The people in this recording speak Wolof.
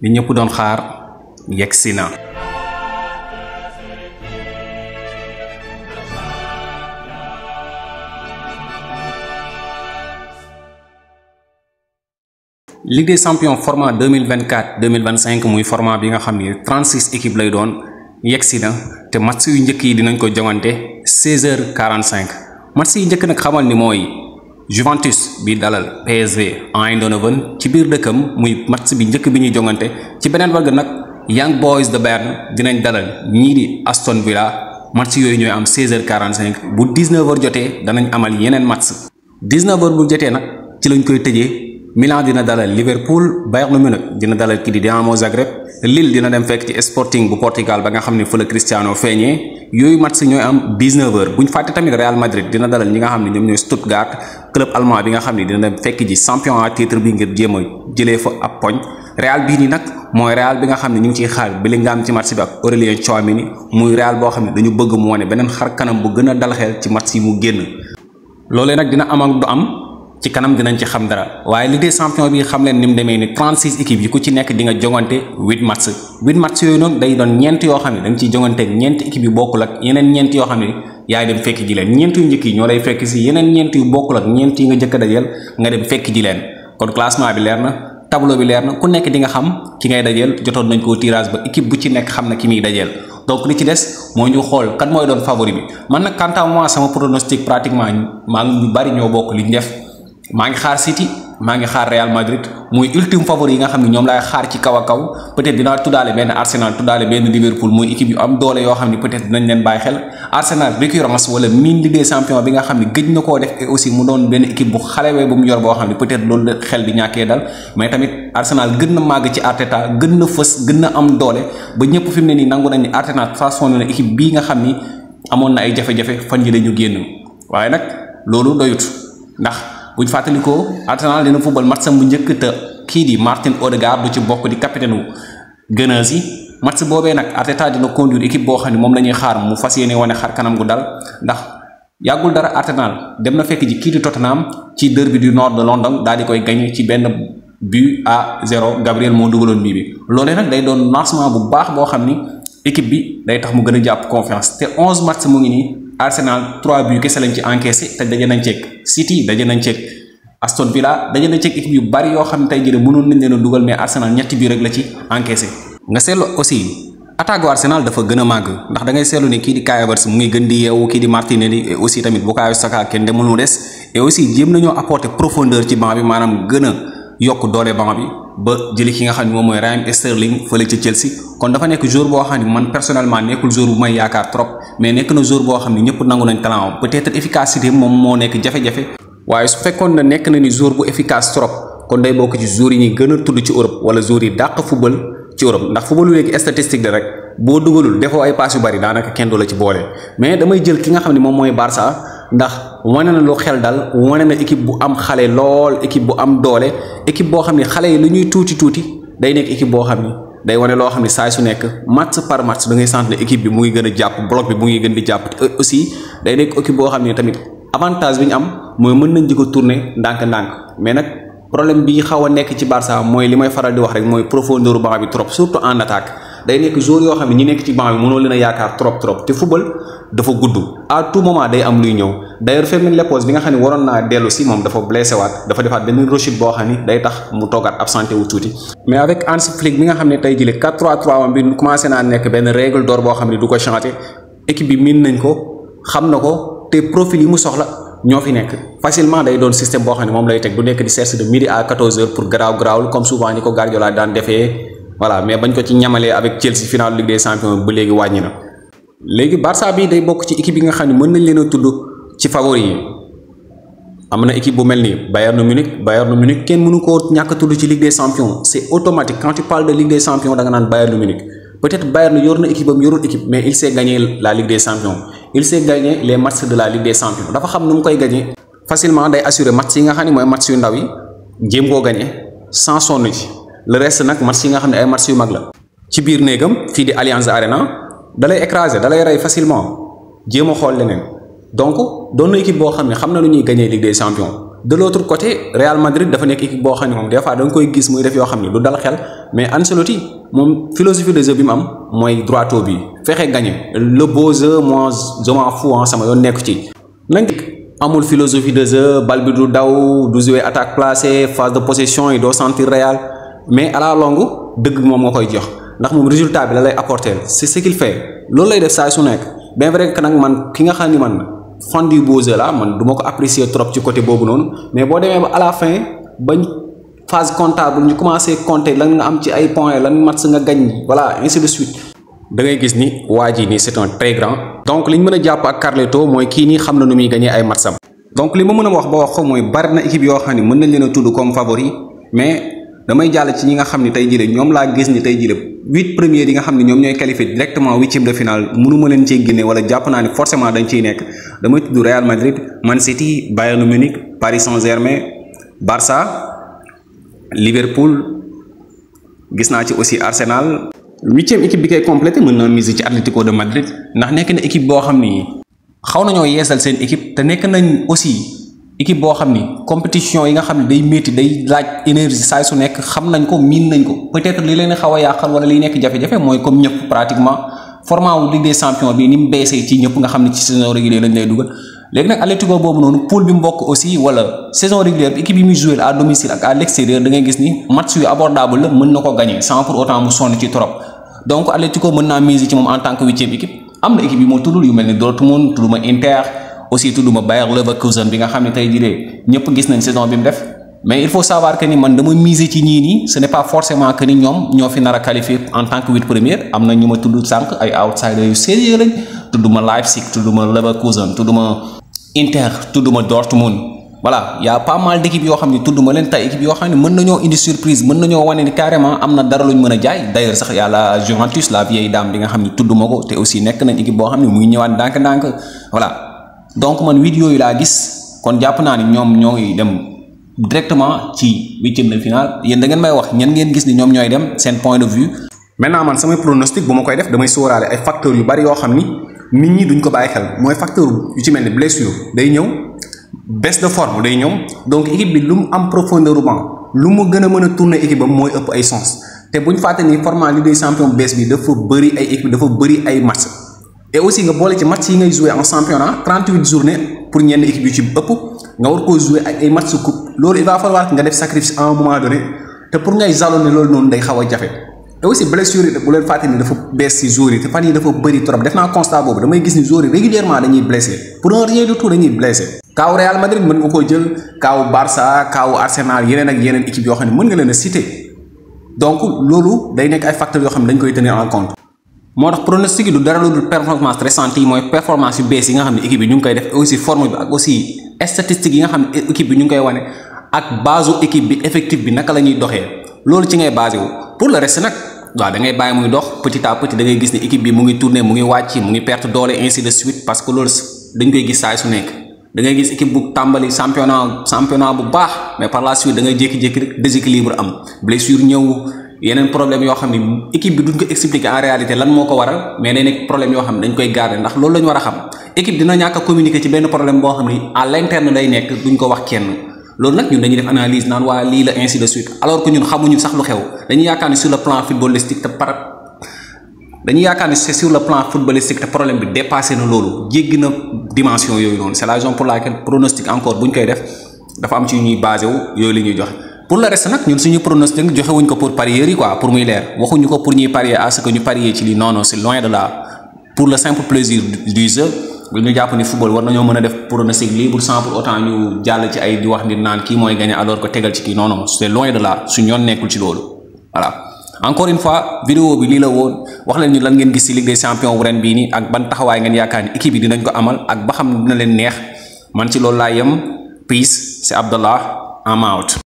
bi ñëpp doon xaar yegsi na Ligue des Champions format 2024 2025 muy format bi nga xamni 36 équipes lay doon yegsi na te match yu ñëk yi dinañ ko jëwante 16h45 match yu ñëk nak xamal ni moy Juventus bi dalal PSV Eindhoven ci biir dëkkam muy match bi njëkk bi ñuy jongante ci beneen wàll nag Young Boys de Berne dinañ dalal ñii di Aston Villa match yooyu ñooy am 16h45 bu 19h jotee danañ amal yeneen match 19 bu jotee nag ci lañ koy tëjee. Milan dina dalal Liverpool Bayern Munich dina dalal kii di Dinamo Zagreb Lille dina dem fekk ci Sporting bu Portugal ba nga xam ne fële Cristiano feeñee yooyu match ñooy am 19h fàtte tamit Real Madrid dina dalal ñi nga xam ne ñoom ñooy Stuttgart club allemand bi nga xam ne dina dem fekk ji champion à titre bi ngir jéem a jëlee fa ab poñ Real bii nii nag mooy Real bi nga xam ne ñu ngi ciy xaar Bellingham ci match bi ak Aurélien Tchouameni muy a ci kanam dinañ ci xam dara waaye Ligue des bi xam leen ni mu demee ni 36 équipes yi ku ci nekk di nga jongante 8 match 8 match yooyu noonu day doon ñeent yoo xam ne da nga ñeent yi nga jëkk a nga dem fekk ji leen kon classement bi leer na tableau bi leer na ku nekk di xam ki ngay dajeel jotoon nañ koo tirage ba équipe bu ci nekk xam na ki muy dajeel donc li ci des mooy ñu xool kan mooy doon favori bi man nag quant maa ngi xaar City maa ngi xaar Real Madrid muy ultime favori yi nga xam ne ñoom laay xaar ci kaw a kaw peut-être dinaa tuddaale benn Arsenal tuddaale benn Liverpool muy équipe yu am doole yoo xam ne peut-être dinañ leen bàyyi xel Arsenal récurrence wala mine Ligue des champions bi nga xam ne na koo gën na màgg ci Arteta gën na fës gën na am doole ba ñëpp fi mu ne nii nangu nañ ni Arteta façon na équipe bii nga xam ni amoon na ay jafe-jafe fan yi dañu génn waaye nag loolu doyut buñ fàttalikoo Arsenal dina football match sam bu njëkk te kii di Martin Odegaard du ci bokk di capitaine wu Gunners yi match boobee nag Arteta dina conduire équipe boo xam ne moom la ñuy xaar mu fas yéene wane xar kanam gu dal ndax yàggul dara Arsenal dem na fekk ji kii di Tottenham ci derby du nord de London daal di koy gagné ci benn but à zéro Gabriel moo dugaloon bii bi loolee nag day doon lancement bu baax boo xam ni équipe bi day tax mu gën a jàpp confiance te 11 match mu ngi nii. Arsenal 3 buts kese lañ ci encaissé te daje nañ ceeg City daje nañ ceeg Aston Villa daje nañ ceeg équipe yu bari yoo xam ne tey jële de mënoon nañ leen a dugal mais Arsenal ñetti buts la ci encaissé. nga seetlu aussi attaque gu Arsenal dafa gën a màgg ndax da ngay seetlu ne kii di Kai Havertz mu ngi gën di yeewu kii di Martinelli et aussi tamit Bukayo Saka kenn demul mu des et aussi jéem nañoo apporter profondeur ci banc bi maanaam gën a yokk doole banc bi. ba jëli ki nga xam ne moom mooy Raheem Sterling fële ca Chelsea kon dafa nekk jour boo xam ne man personnellement nekkul jour bu may yaakaar trop mais nekk na jour boo xam ne ñëpp nangu nañ talent peut-être efficacité moom moo nekk jafe-jafe waaye su fekkoon ne nekk na ni jour bu efficace trop kon day bokk ci jour yi ñuy gën a tudd ci Europe wala jour yi dàq football ci Europe ndax football lu léegi statistique la rek. boo dugalul defoo ay paas yu bari daanaka kenn du la ci boole mais damay jël ki nga xam ne moom mooy barsa ndax wane na lu xel dal wane na équipe bu am xale lool équipe bu am doole équipe boo xam ne xale yi lu ñuy tuuti tuuti day nekk équipe boo xam ne. day wane loo xam ne saa su nekk match par match da ngay sentir ne équipe bi mu ngi gën a jàpp bloc bi mu ngi gën di jàpp aussi day nekk équipe boo xam ne tamit avantage bi ñu am mooy mën nañ di ko tourner ndànk-ndànk mais nag problème bi xaw a nekk ci Barça mooy li may faral di rek mooy profondeur banc bi trop surtout en attaque. day nekk jour yoo xam ne ñi nekk ci banc bi mënoo yaakaar trop trop te football dafa gudd à tout moment day am luy ñëw d'ailleurs Fermin Lépose bi nga xam ne waroon naa dellu si moom dafa blessé waat dafa defaat benn rechute boo xam mu toogaat absenté wu tuuti mais avec Hans Flick nga xam ne tey jëlee 4-3-3 wam bi commencé nekk benn règle d'or boo xam ne du ko changé équipe bi miin nañ ko xam na ko te profil yi mu soxla ñoo fi nekk facilement day doon système boo xam ne moom lay teg du nekk di serse de midi à 14 heures pour garaaw garaawul comme souvent ñi ko Guardiola voilà mais bañ ko ci ñamalé avec Chelsea final Ligue des champions ba légui wàññi na. léegi Barça bi day bok ci équipe yi nga xamni ne mën nañ leen tudd ci favori yi équipe bu melni Bayern Munich Bayern Munich kenn mënu ko ñàkk a tudd ci Ligue des champions C'est automatique quand tu parles de Ligue des champions da nga naan Bayern Munich peut-être Bayern yorna équipe am yorul équipe mais il s'est gagné la Ligue des champions il s'est gagné les matchs de la Ligue des champions dafa xam nu koy gagner facilement day assurer match yi nga xamni moy match yu ndaw yi jéem koo gagner sans sonn le reste nak match yi nga xamné ay match yu mag la ci biir négam fi di alliance Arena dalay écraser dalay ray facilement djema xol xool leneen donc doon na équipe bo xamné xamna lu ñuy gagné Ligue des champions. de l'autre côté Real Madrid dafa nek équipe bo xamné mom des fois dang koy gis muy def yo xamné du dal xel mais Ancelotti mom philosophie de jeu bi mu am droit droito bi fexé gagner le beau jeu moi je m'en fous hein, sama yoon nek ci. nañ amul philosophie de jeu bal du daw du jouer attaque placée phase de possession et doo sentir Real. mais à la dëgg moom nga koy jox ndax moom résultat bi la lay apporter c'est ce qu'il fait loolu lay def saa su nekk bien vrai que nag man ki nga xam ni man fan du Bose la man duma ko apprécier trop ci côté boobu noonu mais boo demee ba à fin ba bañ phase comptable ñu commencé compter lan nga am ci ay points lan match nga gañ voilà ainsi de suite. da ngay gis ni waa ji nii c'est un très grand. donc li ñu mën a jàpp ak Carleto mooy kii nii xam na nu muy gañee ay matcham. donc li ma mën a wax ba wax ko mooy bari na équipe yoo xam ne mën nañ leen a tudd comme favori damay jall ci ñi nga xam ni tey jile ñoom gis ni tay jile 8 premier yi nga xam ne ñoom ñooy qualifié 8 huitième de finale mënuma leen ci guiné wala japp na ni forcément dañ ci nekk damay tuddu Real Madrid Man City Bayern Munich Paris Saint-Germain Barça Liverpool gis na ci aussi Arsenal 8 huitième équipe bi kay complété mëna naa mise ci Atlético de Madrid ndax nekk na équipe bo xamni ni xaw nañoo yeesal seen équipe te nekk nañ aussi équipe boo xam ni compétition yi nga xam ne day métti day laaj énergie saay su nekk xam nañ ko miin nañ ko peut-être li leen xaw yàqal wala liy nekk jafe-jafe mooy comme ñëpp pratiquement format wu Ligue des champions bi ni mu ci ñëpp nga xam ne ci saison régulière lañ lay dugal léegi nag Atlético boobu noonu poule bi mu bokk aussi wala saison régulière bi équipe yi muy à domicile ak à l'extérieur da ngay gis ni match yu abordable la mën na aussi tudduma Bayer Leverkusen bi nga xam ne tey jii de ñëpp gis nañ saison bi mu def mais il faut savoir que ni man dama miser ci ñii nii ce n'est pas forcément que ni ñoom ñoo fi nar a qualifié en tant que huit première am na ñu ma tudd sànq ay outsiders yu sérieux lañ tudduma Leipzig tudduma Leverkusen tudduma Inter tudduma Dortmund. voilà y' a pas mal d' yoo xam ne tudd ma leen tey équipe yoo xam ne mën nañoo indi surprise mën nañoo wane ni carrément am na dara luñ mën a jaay d' ailleurs sax y' a la Juventus la xam ne tudd ma ko te aussi nekk nañ équipe boo xam ne muy ñëwaat ndànk-ndànk voilà. donc man huit yooyu laa gis kon jàpp naa ni ñoom ñoo dem directement ci huitième de finale yéen da ngeen may wax ñan ngeen gis ni ñoom ñooy dem seen point de vue. maintenant man samay pronostic bu ma koy def damay sóoraale ay facteurs yu bari yoo xam ni nit ñi duñ ko bàyyi xel mooy facteur yu ci mel ni blessure day ñëw baisse de forme day ñëw donc équipe bi lu mu am profondeur banc lu mu gën a mën a tourner équipe mooy ëpp ay sens te bu ñu fàtte ni format Ligue des champions bees bi dafa bëri dafa bëri ay match. et aussi nga boole ci match yi ngay joué en championnat 38 journée pour ñenn équipe yu ci ëpp nga war koo joué ak ay match coupe loolu il va falloir nga def sacrifice à moment donné te pour ngay jalonné loolu noonu day xaw a jafe et aussi blessure yi bu leen fàtte ni dafa bees ci joueurs yi te fan yi dafa bëri trop def naa constat boobu damay gis ni joueurs yi régulièrement dañuy blessé pour un rien du tout dañuy blessé kaaw Real Madrid mën nga koo jël kaaw Barça leen a loolu day nekk ay yoo xam ne dañ koy tenir en compte moo pronostic du dara lu dul performance récente moy performance yu bees yi nga xamni équipe bi ñu koy def aussi forme bi ak aussi statistique yi nga xamni équipe bi ñu koy wone ak base équipe bi effectif bi naka lañuy doxé doxee ci ngay basé wu pour le reste nak waaw da ngay baye muy dox petit à petit da ngay gis ni équipe bi mu ngi tourner mu ngi wacc mu ngi perte doole ainsi de suite parce que loolu dañ koy gis say su nek da ngay gis équipe bu tambali championnat championnat bu baax mais par la suite da ngay jéki jéki déséquilibre am blessure ñëw yeneen problème yoo xam ne équipe bi duñ ko expliquer en réalité lan moo ko waral mais day nekk problème yoo xam ne dañ koy garder ndax loolu la ñu war a xam équipe dina ñàkk a communiquer ci benn problème boo xam ne à l'interne day nekk duñ ko wax kenn loolu nag ñun dañuy def analyse naan waa lii la ainsi de suite alors que ñun xamuñu sax lu xew dañuy yaakaar ni sur le plan footballistique te par dañuy yaakaar ni c'est sur le plan footballistique te problème bi dépassé na loolu jéggi na dimension yooyu noonu c'est la ñu koy def dafa am ñuy basé wu yooyu ñuy joxe pour le reste nag ñun suñu pronostic joxe wuñ ko pour parieurs yi quoi pour muy leer waxuñu ko pour ñuy parier à ñu parier ci lii non non loin de là pour le simple plaisir du jeu bu ñu jàpp ni football war nañoo mën a def pronostic libre sans pour autant ñu jàll ci ay di wax ni naan kii mooy gagné alors que tegal ci kii non non c'est loin de là suñu yoon nekkul ci loolu voilà. encore une fois vidéo bi lii la woon wax leen ñu lan ngeen gis ci Ligue des champions bu ren bii nii ak ban taxawaay ngeen yaakaar ni équipe yi dinañ ko amal ak ba xam dina leen neex laa yem peace